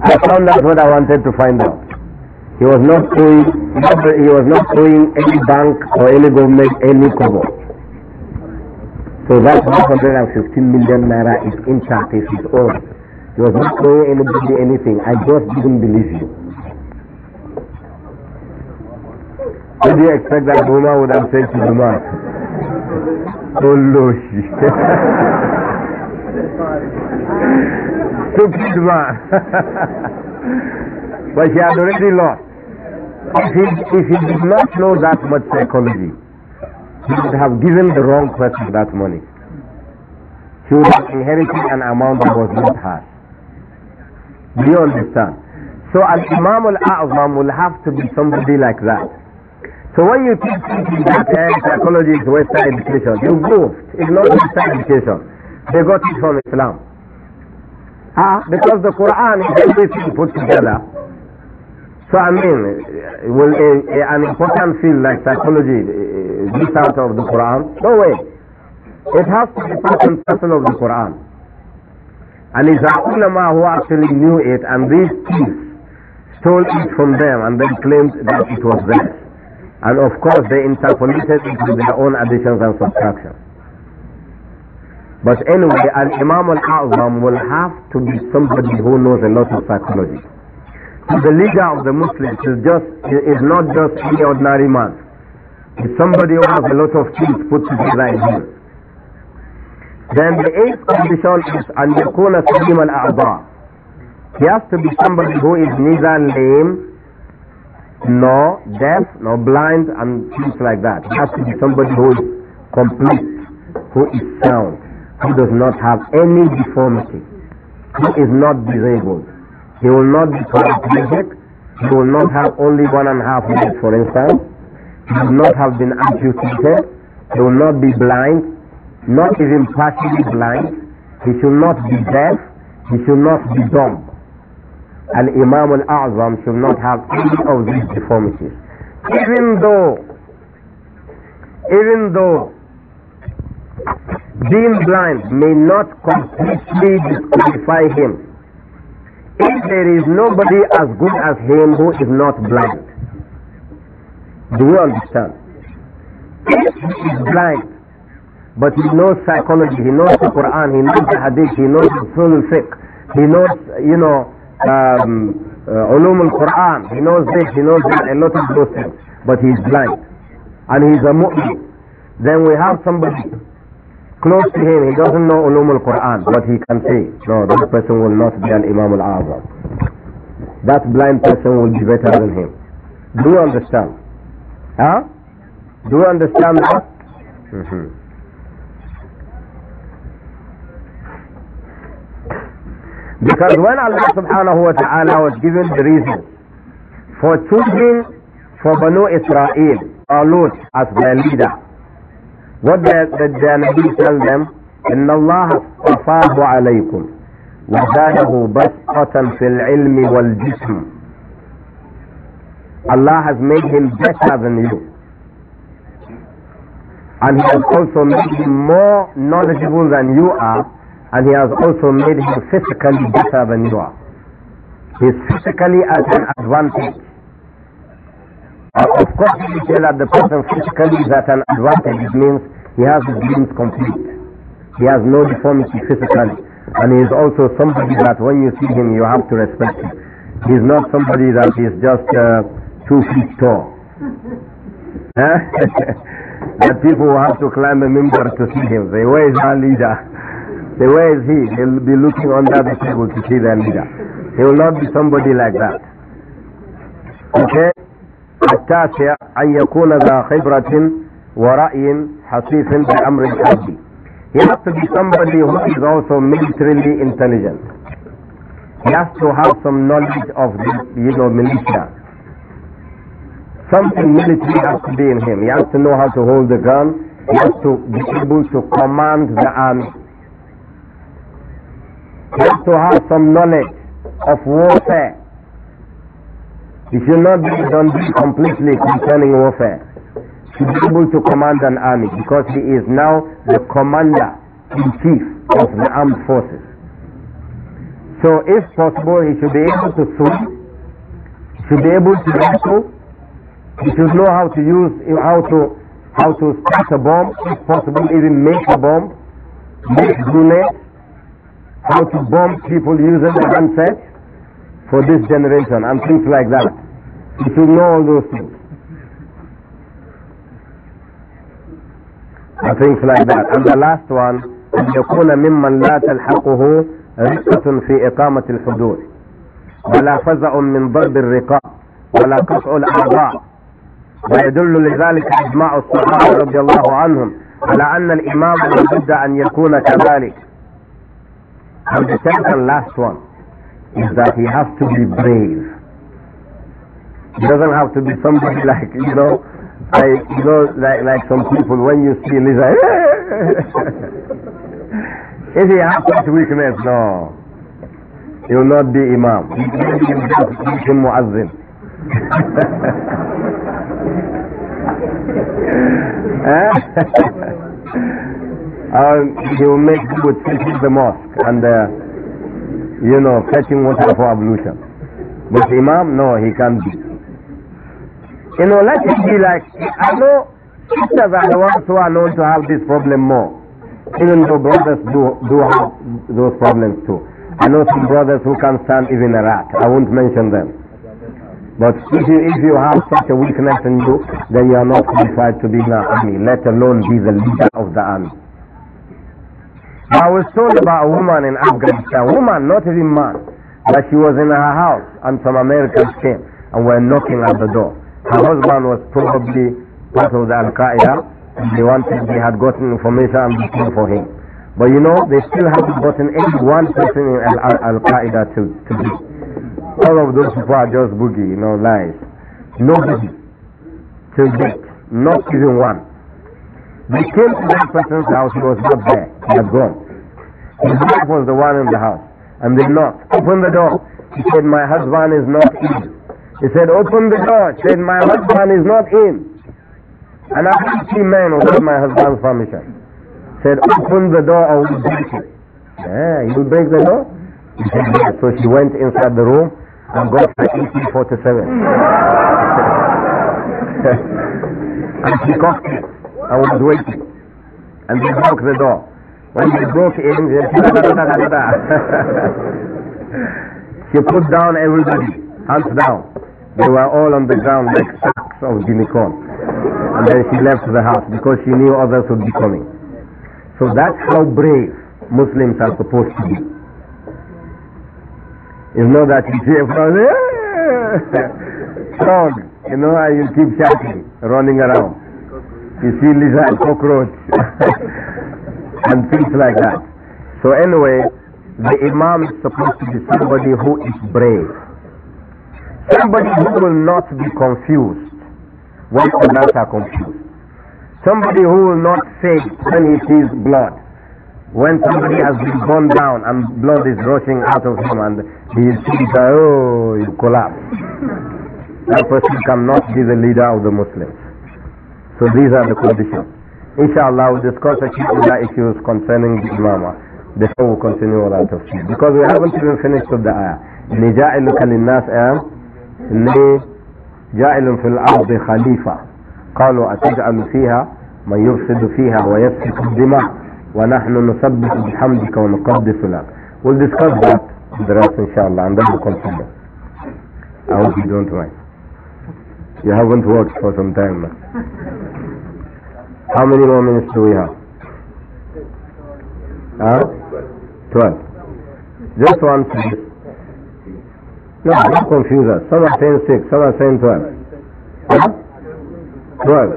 I found out what I wanted to find out. He was not owing, he was not suing any bank or any government any cover. So that 115 million naira is intact, it's his own. He was not suing anybody anything. I just didn't believe you. Did you expect that Buma would have said to Buma? Oloshi. Stupid man. but she had already lost. If he, if he did not know that much psychology, he would have given the wrong person that money. She would have inherited an amount that was not hers. Do you understand? So an Imam al-A'zam will have to be somebody like that. So when you keep thinking that eh, psychology is Western education, you goofed. It's not Western education. They got it from Islam. Ah, because the Quran is everything put together. So I mean, will a, a, an important field like psychology be eh, eh, out of the Quran? No way. It has to be part and parcel of the Quran. And it's our ulama who actually knew it, and these thieves stole it from them and then claimed that it was theirs. And of course, they interpolated into their own additions and subtractions. But anyway, an Imam al-A'zam will have to be somebody who knows a lot of psychology. The leader of the Muslims is just is not just any ordinary man. It's somebody who has a lot of things put together in him. Then the eighth condition is an yakuna salim al-a'ba. He has to be somebody who is neither lame nor deaf, nor blind, and things like that. It has to be somebody who is complete, who is sound, who does not have any deformity, who is not disabled. He will not be paraplegic. He will not have only one and a half legs, for instance. He will not have been amputated. He will not be blind, not even partially blind. He should not be deaf. He should not be dumb. Al-Imam Al-Azam should not have any of these deformities. Even though, even though being blind may not completely disqualify him, if there is nobody as good as him who is not blind, do you understand? If he is blind, but he knows psychology, he knows the Quran, he knows the Hadith, he knows the Sunnah fiqh, he knows, you know, um, uh, ulum al-Quran, he knows this, he knows that, a lot of those things, but he's blind. And he's a mu'min. Then we have somebody close to him, he doesn't know ulum al-Quran, but he can see. No, this person will not be an Imam al-Azam. That blind person will be better than him. Do you understand? Huh? Do you understand that? Mm -hmm. Because when Allah subhanahu wa ta'ala was given the reason for choosing for Banu Israel, Alut as their leader, what did the, the Nabi tell them? إن الله اصطفاه عليكم وزاده بسطة في العلم والجسم Allah has made him better than you and he has also made him more knowledgeable than you are and he has also made him physically better than you are. He is physically at an advantage. Uh, of course, if you say that the person physically is at an advantage, it means he has his limbs complete. He has no deformity physically. And he is also somebody that when you see him, you have to respect him. He is not somebody that is just uh, two feet tall. that people have to climb a member to see him. They, where is our leader? Say, where is he? He'll be looking under the table to see their leader. He will not be somebody like that. Okay? التاسع أن يكون ذا خبرة ورأي حصيف بأمر الحرب. He has to be somebody who is also militarily intelligent. He has to have some knowledge of, the, you know, militia. Something military has to be in him. He has to know how to hold the gun. He has to be able to command the army have to have some knowledge of warfare. You should not be dundee completely concerning warfare. To be able to command an army because he is now the commander in chief of the armed forces. So if possible he should be able to swim, should be able to wrestle, he should know how to use how to how to start a bomb, if possible even make a bomb, make grenades, how to bomb people using the handset for this generation and things like that. You should know all those things. And things like that. And the last one, أن يكون ممن لا تلحقه رقة في إقامة الحدود ولا فزع من ضرب الرقاب ولا قطع الأعضاء ويدل لذلك إجماع الصحابة رضي الله عنهم على أن الإمام لابد أن يكون كذلك and the second last one is that he has to be brave. He doesn't have to be somebody like, you know, like, you know, like, like some people when you see like. if he has that weakness, no. He will not be Imam. He will be just Muazzin. eh? uh, they will make people with the mosque and, uh, you know, fetching water for ablution. But Imam, no, he can't be. You know, let it be like, I know sisters are the ones who are known to have this problem more, even though brothers do, do have those problems too. I know some brothers who can't stand even a rat. I won't mention them. But if you, if you have such a weakness in you, then you are not qualified to be in the army, let alone be the leader of the army. I was told about a woman in Afghanistan, a woman, not even man, that she was in her house and some Americans came and were knocking at the door. Her husband was probably part of the Al Qaeda they wanted, they had gotten information and looking for him. But you know, they still haven't gotten any one person in Al Qaeda to, to be. All of those people are just boogie, you know, lies. Nobody to date, not even one. They to that person's house, he was not there. He had gone. His wife was the one in the house. And they knocked. Open the door. He said, My husband is not in. He said, Open the door. She said, My husband is not in. And I can see men without my husband's permission. He said, Open the door I will break it. Yeah, you will break the door? He said, Yes. So she went inside the room and got her 1847. and she got it. I was waiting. And they broke the door. When they broke in, they da, da, da, da, she put down everybody, hands down. They were all on the ground like sacks of guinea corn. And then she left the house because she knew others would be coming. So that's how brave Muslims are supposed to be. You know that you hear from strong, you know, and you keep shouting, running around. You see lizard, cockroach, and things like that. So anyway, the imam is supposed to be somebody who is brave. Somebody who will not be confused when others are confused. Somebody who will not say when he sees blood. When somebody has been gone down and blood is rushing out of him and he sees, oh, you collapse. That person cannot be the leader of the Muslims. So these are the conditions. Inshallah, we'll discuss a few other issues concerning the imamah before we continue with our tafsir. Because we haven't even finished with the ayah. إني جاعلك للناس إني جاعل في الأرض خليفة قالوا أتجعل فيها من يفسد فيها ويسفك الدماء ونحن نسبح بحمدك ونقدس لك. We'll discuss that the rest inshallah and then we'll continue. I hope you don't mind. You haven't worked for some time how many more minutes do we have? Huh? Twelve. This one says, no, don't confuse us. Some are saying six, some are saying twelve. Huh? Twelve.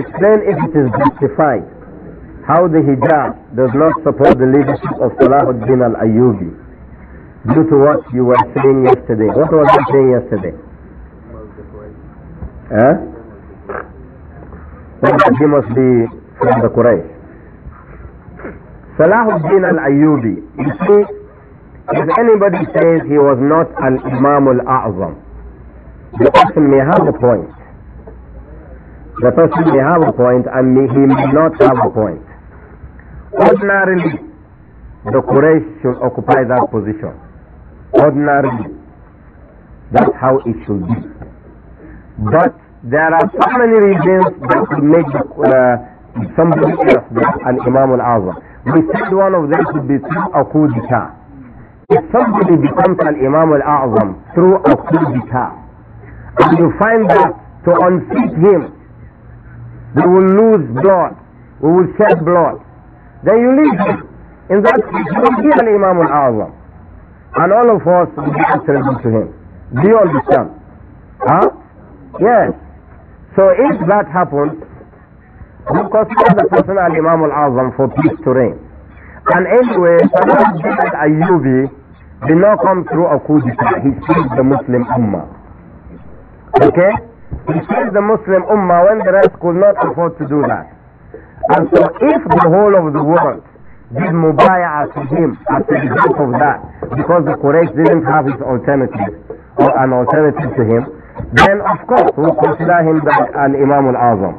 Explain if it is justified how the hijab does not support the leadership of Salahuddin al-Ayyubi due to what you were saying yesterday. What was I saying yesterday? Huh? said he must be from the Quraysh. Salahuddin al-Ayyubi, you see, if anybody says he was not al-Imam al-A'zam, the person may have a point. The person may have a point and may, he may not have a point. Ordinarily, the Quraysh should occupy that position. Ordinarily, that's how it should be. But there are so many reasons that could make uh, somebody else an Imam al-Azam. We said one of them could be through a coup d'etat. If somebody becomes an Imam al-Azam through a coup d'etat, and you find that to unseat him, we will lose blood, we will shed blood, then you leave him. In that case, you will be an Imam al-Azam. And all of us will be answerable to him. Do you understand? Huh? Yes. So if that happens, we consider the person Al Imam Al Azam for peace to reign. And anyway, Salah al Ayyubi did not come through a coup he saved the Muslim Ummah. Okay? He saved the Muslim Ummah when the rest could not afford to do that. And so if the whole of the world did mubayah to him as a result of that, because the Quraysh didn't have his alternative, or an alternative to him, then of course we will consider him that an Imam al-Azam.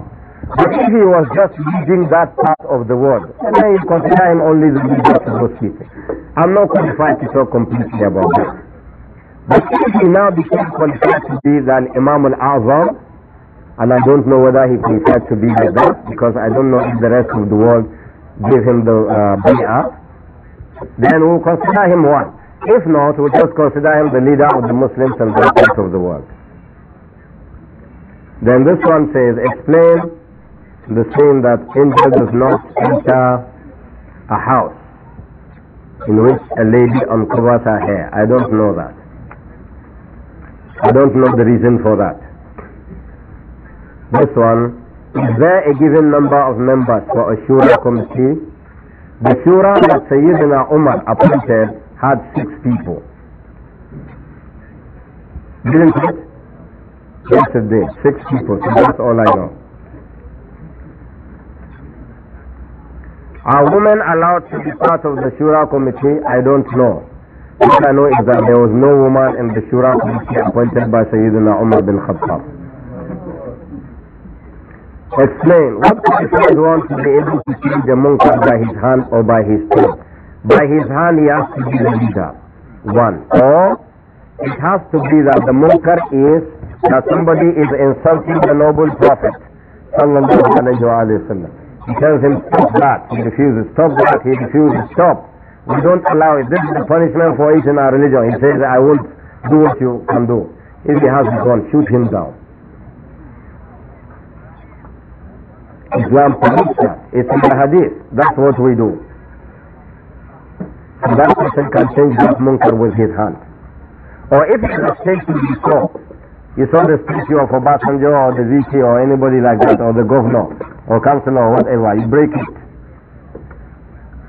But if he was just leading that part of the world, then you consider him only the leader of those people. I'm not qualified to talk completely about that. But if he now became qualified to be an Imam al-Azam, and I don't know whether he preferred to be like that, because I don't know if the rest of the world give him the uh, bay'ah, then we'll consider him one. If not, we'll just consider him the leader of the Muslims and the rest of the world. Then this one says, explain the saying that angel does not enter a house in which a lady uncovers her hair. I don't know that. I don't know the reason for that. This one, is there a given number of members for a shura committee? The shura that Sayyidina Umar appointed had six people. Didn't it? twice a day, six people. So that's all I know. Are women allowed to be part of the Shura committee? I don't know. What I know is that there was no woman in the Shura committee appointed by Sayyidina Umar bin Khattab. Explain, what qualifies want to be able to kill the munkar by his hand or by his foot? By his hand he has to be the leader, one. Or it has to be that the munkar is that somebody is insulting the noble prophet sallallahu alayhi wa He tells him, stop that. He refuses, stop that. He refuses, stop. We don't allow it. This is the punishment for it in our religion. He says, I won't do what you can do. If he has a gun, shoot him down. Islam permits that. It's in the hadith. That's what we do. that person can change that munkar with his hand. Or if he has state to be you saw the statue of Obasanjo or the VP or anybody like that or the governor or councillor or whatever. You break it.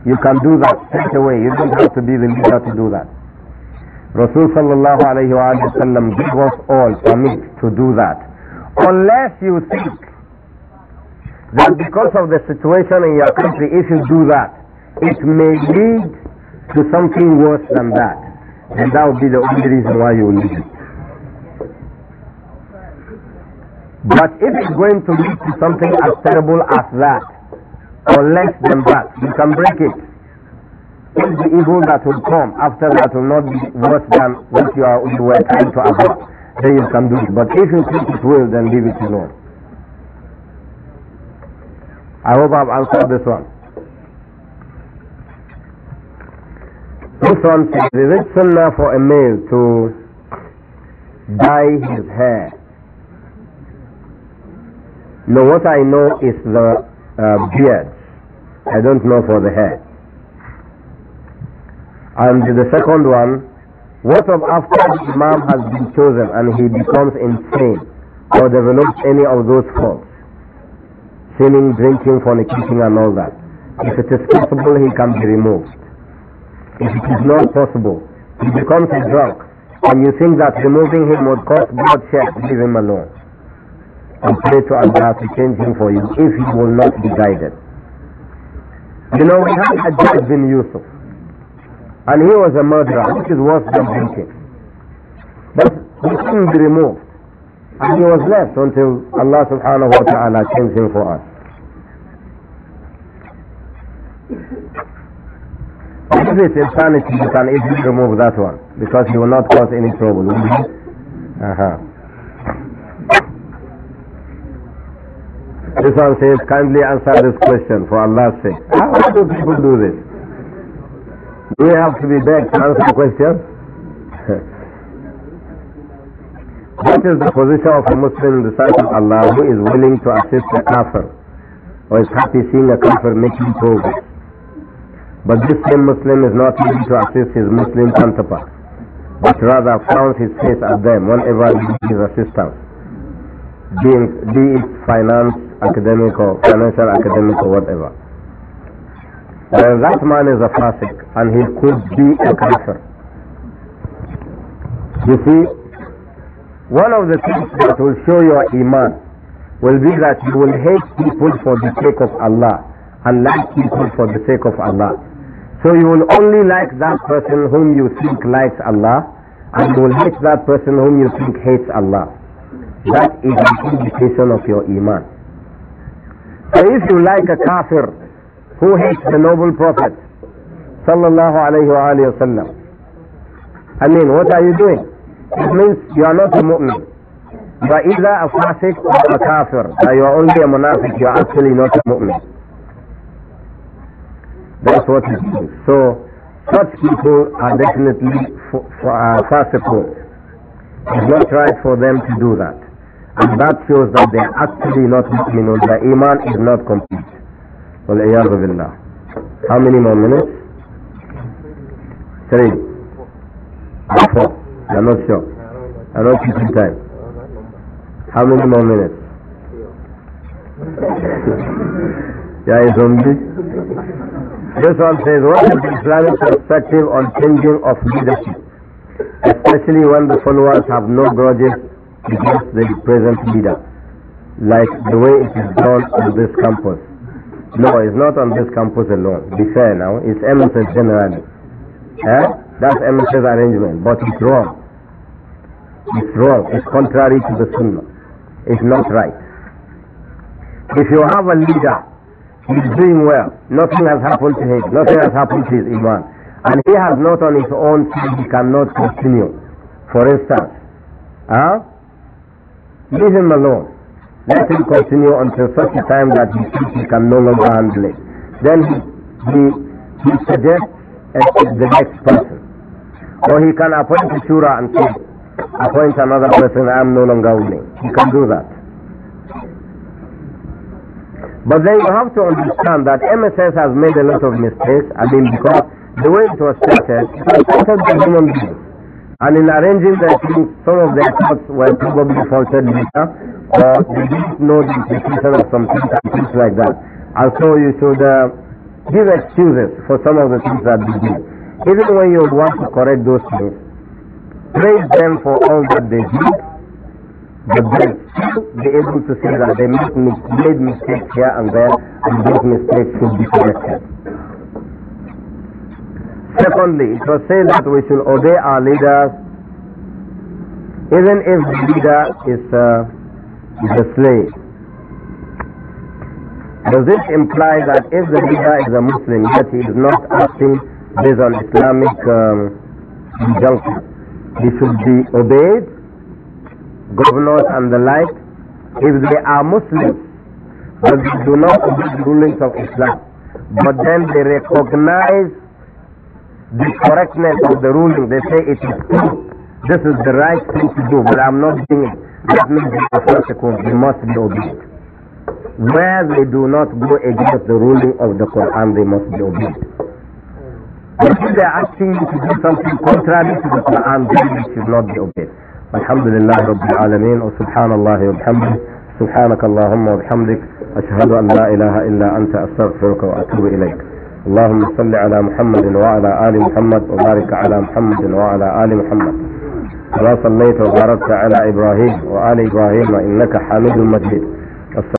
You can do that straight away. You don't have to be the leader to do that. Rasul sallallahu alayhi wa sallam gave us all permit to do that. Unless you think that because of the situation in your country, if you do that, it may lead to something worse than that. And that would be the only reason why you leave it. But if it's going to lead to something as terrible as that, or less than that, you can break it. If the evil that will come after that will not be worse than what you, are, you were trying to avoid, then you can do it. But if you think it will, then leave it alone. I hope I've answered this one. This one says, is it sunnah for a male to dye his hair no, what I know is the uh, beard. I don't know for the hair. And the second one, what of after the Imam has been chosen and he becomes insane or develops any of those faults? Sinning, drinking, fornicating and all that. If it is possible, he can be removed. If it is not possible, he becomes a drunk and you think that removing him would cause bloodshed, leave him alone and pray to Allah to change him for you if he will not be guided. You know, we had Hajjaj bin Yusuf, and he was a murderer, which is worse than drinking. But he couldn't be removed, and he was left until Allah subhanahu wa ta'ala changed him for us. If it's insanity, you can easily remove that one, because he will not cause any trouble, will he? Uh-huh. This one says, kindly answer this question for Allah's sake. How do people do this? Do we have to be back to answer the question? what is the position of a Muslim in the sight of Allah who is willing to assist a kafir or is happy seeing a kafir making progress? But this same Muslim is not willing to assist his Muslim counterpart, but rather frowns his face at them whenever he gives assistance be, be it finance, academic or financial, academic or whatever. Well, that man is a fasik and he could be a cancer. You see, one of the things that will show your iman will be that you will hate people for the sake of Allah and like people for the sake of Allah. So you will only like that person whom you think likes Allah and you will hate that person whom you think hates Allah. That is the indication of your iman. So if you like a kafir who hates the noble prophet, sallallahu alayhi wa sallam, I mean, what are you doing? It means you are not a mu'min. But either a fasiq or a kafir, you are only a munafiq, you are actually not a mu'min. That's what it means. So, such people are definitely f- uh, It's not right for them to do that. And that shows that they are actually not mu'minun. The iman is not complete. وَالْعِيَاذُ How many more minutes? Three. four. I'm not sure. I'm not keeping time. How many more minutes? yeah, it's This one says, what is the Islamic perspective on changing of leadership? Especially when the followers have no grudges against the present leader, like the way it is done on this campus. No, it's not on this campus alone. Be fair now. It's MSS generally. Eh? That's MSS arrangement, but it's wrong. It's wrong. It's contrary to the Sunnah. It's not right. If you have a leader, he's doing well. Nothing has happened to him. Nothing has happened to his Iman. And he has not on his own, he cannot continue. For instance, huh? Leave him alone. Let him continue until such a time that he thinks he can no longer handle it. Then he, he, he suggests the next person. Or he can appoint a shura and say, appoint another person, I am no longer willing. He can do that. But then you have to understand that MSS has made a lot of mistakes. I mean, because the way it was started, it was started by human beings. And in arranging the things, some of the thoughts were probably faltered later, or they didn't know the intention of some things and things like that. And so you should uh, give excuses for some of the things that they did. Even when you want to correct those things, praise them for all that they do, but then still be able to say that they made mistakes here and there, and those mistakes should be corrected. Secondly, it was said that we should obey our leaders even if the leader is a, uh, is a slave. Does this imply that if the leader is a Muslim yet he is not acting based on Islamic um, injunction, he should be obeyed, governors and the like, if they are Muslims but they do not obey the rulings of Islam, but then they recognize the correctness of the ruling. They say it is true. This is the right thing to do, but I'm not doing it. That means the consequence. They must be obeyed. Where they do not go against the ruling of the Quran, they must be obeyed. But if they are asking you to do something contrary to the Quran, then they should not be obeyed. الحمد لله رب العالمين وسبحان الله وبحمده سبحانك اللهم وبحمدك أشهد أن لا إله إلا أنت أستغفرك وأتوب إليك اللهم صل على محمد وعلى آل محمد وبارك على محمد وعلى آل محمد كما صليت وباركت على إبراهيم وآل إبراهيم إنك حميد مجيد